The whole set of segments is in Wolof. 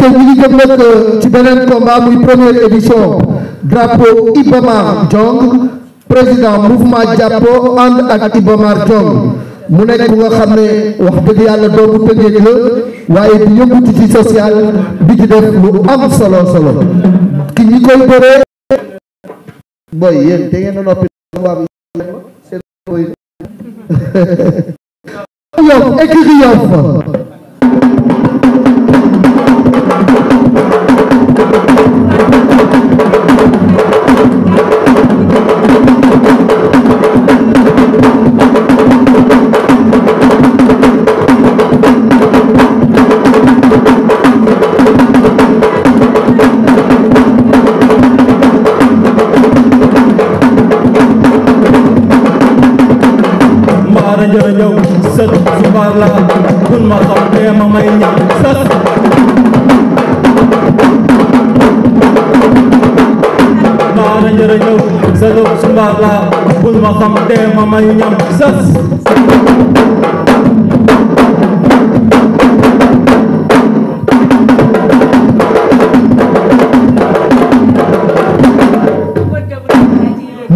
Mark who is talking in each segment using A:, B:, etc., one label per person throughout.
A: ñu ngi jëm nag ci beneen combat muy première édition drapeau Ibamar Jong président mouvement jàppo ànd ak Ibamar Jong mu nekk ku nga xam wax dëgg yàlla doomu tëngeej la waaye di yëngutu ci social di ci def lu am ki ñi koy bëree boy yéen te noppi waam seen boy Yoff équipe Yoff
B: la bul ma sox dee ma may ñam sas baara jërëjëf zagab sumbaar la bul ma xam dee ma may ñam sas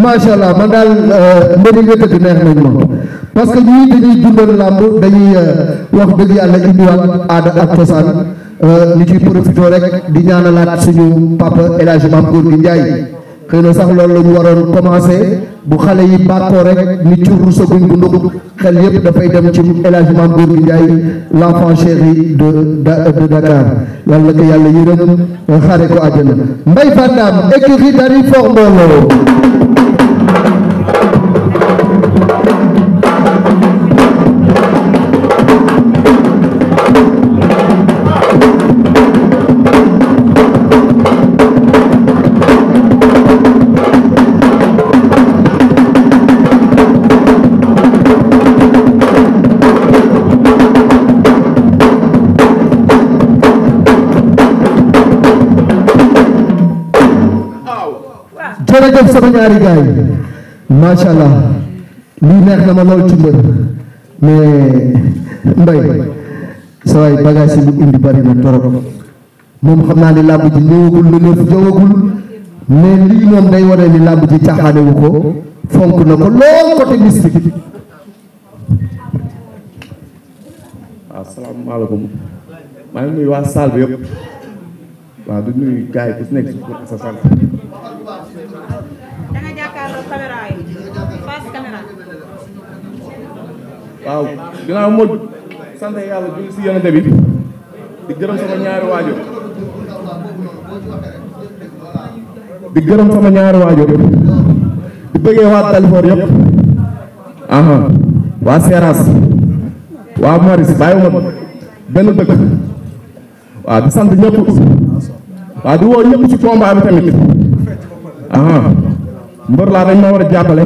A: macha allah man daal euh, mbëri nga tëdd neex nañ ma parce que ñii dañuy dundal làmb dañuy euh, wax dëgg yàlla indiwaat aada ak cosaan euh, ñu ci profité rek di ñaanalaat suñu papa El Hadj Mame Gorgui Ndiaye na sax loolu la ñu waroon commencé bu xale yi bàkkoo rek ni cur saguñ bu ndug xel yëpp dafay dem ci El Hadj Mame Gorgui Ndiaye l'enfant chéri de de yàlla na ko yàlla yërëm xare ko àjjana Mbaye Fandam écurie Dany Fort Mbolo jërëjëf sama ñaari gars yi macha allah lii neex na ma lool ci mbër mais Mbaye sa waay bagage yi mu indi bari na torop moom xam naa ne làmb ji ñëwagul lu neef jawagul mais moom day waree ni làmb ji caaxaanewu ko fonk na ko lool côté mystique. waaw caméra yi face caméra. waaw ginnaaw
C: moo sant yàlla si yonente bi di gërëm sama ñaari waajur di gërëm sama ñaari waajur di bëggee waa Dalifort yëpp aha waa Seras waa Maris bàyyiwuma benn dëkk waaw di sant ñëpp waaw di woo ñëpp ci combat bi tamit aha mbër laa dañ ma war a jàppale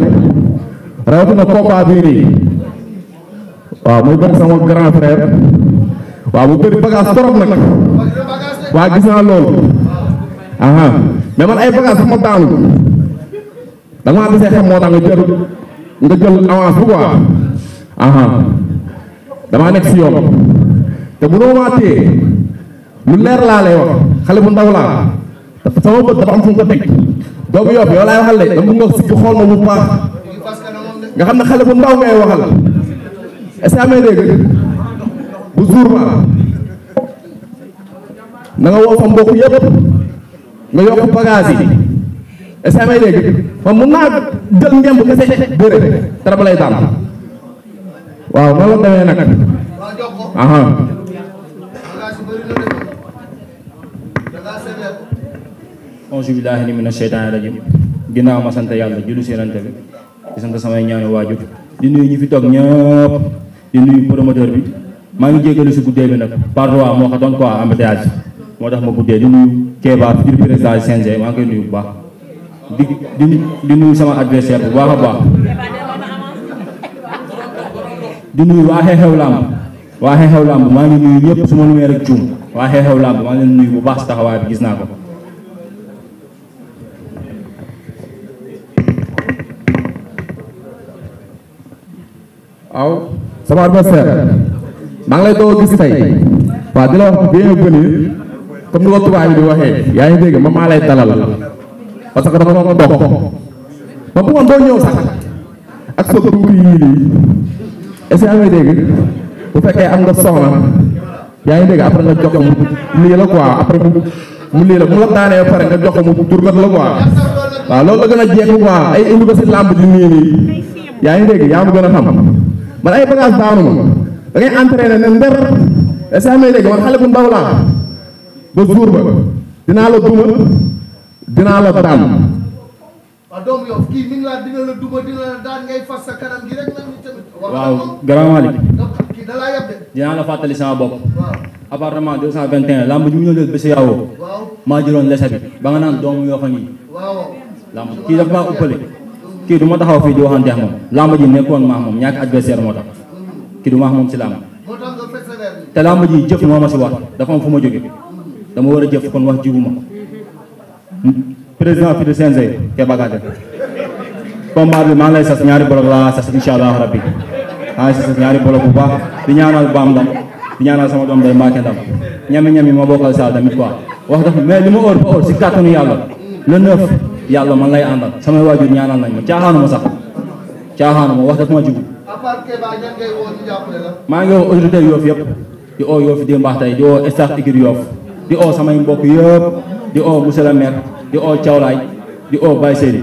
C: rawatina combat bii nii waaw muy bëri sama grand frère waaw mu bëri bagage trop nag waaw gis naa loolu aha mais man ay bagage sama daanu da nga maa moo tax jël nga jël avance bu quoi nekk si yoon te bu noo maa lu leer laa xale bu ndaw sama bët dafa am fu nga doomu yoof yow laay waxal de dama bëgg nga xool ma bu baax nga xam ne xale bu ndaw ngay waxal est-ce dégg bu jour ba na nga woo fa yëpp nga yokk bagage yi est dégg man mun naa
A: jël ngemb kese bëre
C: dara ba lay daan waaw noonu la demee nag aha
B: auzu billaahi a sheytaani rajiim ginnaaw ma sant yàlla julli si Yonent bi di sant samay ñaanu waajur di nuyu ñi fi toog ñëpp di nuyu promoteur bi maa ngi jégalu si guddee bi nag parfois moo xa doon quoi embouteillage moo tax ma guddee di nuyu Kéba futur président CNG maa ngi nuyu bu baax di di di nuyu sama adversaire bu baax a baax di nuyu waa xew làmb waa xew làmb maa ngi nuyu ñëpp su ma numee rek juum waa xew làmb maa ngi nuyu bu baax si gis naa ko
C: waaw sama adversaire maa ngi lay doo gis tey waaw di la wax bienvenue comme ni ko tubaab bi di waxee yaa ngi dégg ma maa lay dalal parce que dafa doon dox ma bëggoon doo ñëw sax ak sa tuuti yii nii est-ce que yaa ngi bu fekkee am nga soxla yaa ngi dégg après nga jox mu lii la quoi après mu mu lii mu la daanee pare nga jox ko mu turgat la quoi waaw loolu la gën a jeex quoi ay université lamb di nii nii yaa ngi dégg yaa ma gën a xam man ay bagage daanu ma da ngay entraîné ne ndër est ce que am na xale bu ndaw laa ba jour ba dinaa la duma dinaa la daan.
A: waaw doomu
B: waaw grand Malick. dinaa la fàttali sama bopp. appartement 221 lamb ñëw jël bési maa jëloon lese ba nga naan doomu yoo xam ni. kii dafa maa uppale. kii du ma taxaw fii di waxante ak moom làmb ji nekkoon maax moom ñàkk adversaire moo tax kii du maax moom si làmb te làmb jëf moo ma si wax dafa am fu ma jóge dama war a jëf kon wax jiwu ma président fi de CNG te bagate combat bi maa ngi lay sas ñaari bolok laa sas insha allah rabbi maa ngi sas ñaari bolok bu baax di ñaanal baam ndam di ñaanal sama doom day maake ndam ñami ñami ma bokkal saal tamit quoi wax dafa mais li ma óor ba óor si kàttanu yàlla yàlla man lay àndal samay waajur ñaanal nañ ma caaxaanu sax caaxaanu ma wax ma jubul maa ngi woo autorité yëpp di oo yoofi di tey di oo di oo samay mbokk yëpp di oo monsieur di oo Thiawlaay di oo Baye Seydi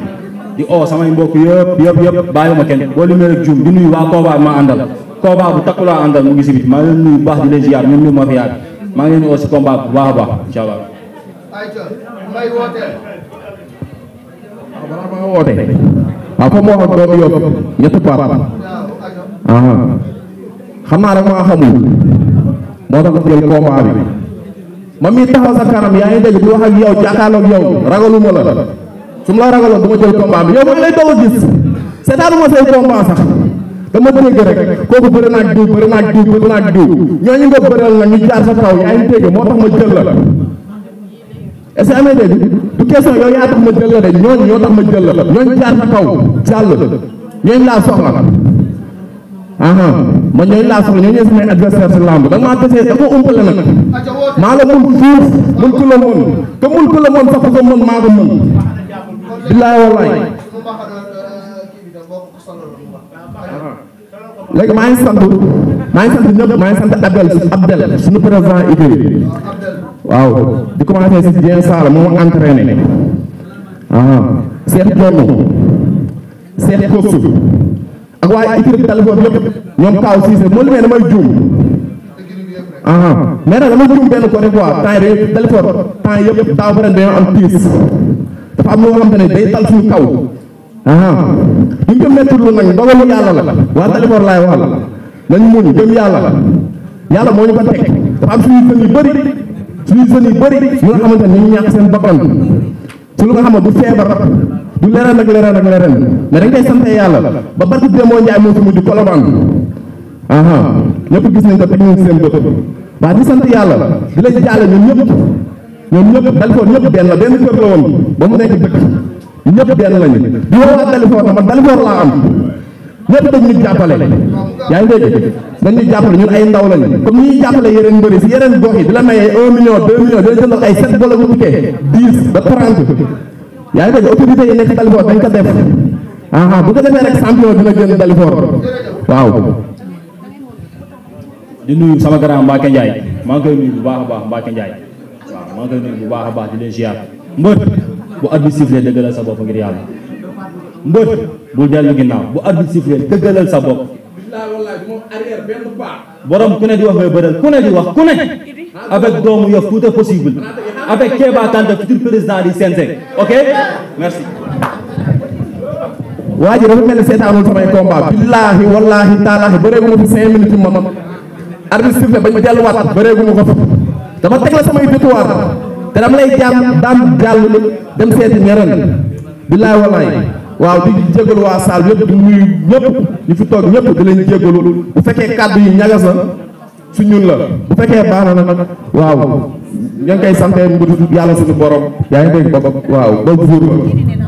B: di oo yëpp yëpp yëpp bàyyiwuma waa Koobaa ma àndal combat bu takku laa àndal ngi si biir baax di ñu ma fi maa ngi leen di bu baax a balaa maa woote
C: waaw comme moo xam ñetti paat xam naa rek maa xamul moo tax ma jël combat bi ma mii taxaw sa kanam yaa ngi dégg di wax ak yow jàkkaarloog yow ragaluma la su ma la ragaloon du ma jël combat bi yow ma ngi lay doog a gis seetaanuma say combat sax dama dégg rek kooku bëri naag diw bëri naag diw ñooñu nga bëral na ñu jaar sa kaw yaa ngi dégg moo tax ma jël la est-ce que amee dégg du question yow yaa tax ma de ñooñu ñoo tax ma jël la ñooñu jaar fa kaw jàll ñooñu laa soxla aha man ñooñu laa soxla ñooñu samay adversaire si lamb da maa desee da ko umpale nag
A: maa la mun fuuf mun ku la
C: mun te mun ku la mun sax ko mun maa ko mun
A: billaay wallaay
C: léegi maa ngi sant maa ngi sant ñëpp maa ngi sant Abdel Abdel suñu président Ibrahima waaw di commencé si Dieng Sall moo entraîné waaw ah. seet jonn seet koosu ak waaye équipe téléphone yëpp ñoom Kaaw Cissé moo limee damay juum ah mais nag dama juum benn côté quoi temps yi téléphone temps yëpp daa ba ren dañoo am tiis dafa am loo xamante ne day tal suñu kaw ah duñ ko métti lu nag yàlla la waa téléphone laay waxal nañ muñ gëm yàlla yàlla moo ñu ko teg dafa am suñu kër yu bëri ñun jeunes yu bëri ñu nga xamante ne ñu ñàkk seen bakkan ci lu nga xam ne du feebar du leneen ak leneen ak leneen mais dañ koy sant yàlla ba barki Demba Ndiaye moo fi mujj Colobane aha ñëpp gis nañ ko teg nañ seen bët waaw di sant yàlla di la jaale ñun ñëpp ñoom ñëpp Dalifort ñëpp benn la benn kër la woon ba mu nekk dëkk ñëpp benn lañu di woo waa Dalifort dama Dalifort laa am ñëpp dañ ñu jàppale. yaa ngi dégg dañ ñu jàppale ñun ay ndaw lañu comme ñuy jàppale yeneen mbëri si yeneen gox yi di la maye un million deux millions dina jëndal ay sept bolo bu tukkee ba trente yaa ngi dégg autorité yi dañ ko def aha bu ko defee rek champion dina génn Dalifort
B: waaw di nuyu sama grand Mbacke Ndiaye maa ngi koy nuyu bu baax a baax Mbacke Ndiaye maa ngi koy nuyu bu baax a baax di leen ziar mbër bu arbitre sifflé dëggalal sa bopp ngir yàlla mbër bu dellu ginnaaw bu arbitre sifflé dëggalal sa bopp borom ku ne di wax may bëral ku ne di wax ku ne avec doomu Yoff tout est possible
A: avec Kéba Kanté
B: futur président du CNG ok
C: waa ji dafa mel ni seetaanul samay combat billaahi wallaahi taalaahi bëreeguma fi cinq minutes ma man arbitre sifflé bañ delluwaat bëreeguma ko fa dama teg la samay détuwaar te dama lay jàmm daan jàll dem seeti ñeneen billaahi wallaahi waaw di jégalu waa saal yëpp di nuyu ñëpp ñu fi toog ñëpp di leen jégalu bu fekkee kàddu yi ñagas na su ñun la bu fekkee baax na nag waaw ña ngi koy sante mbir yàlla suñu borom yaa ngi dégg ko waaw boobu jour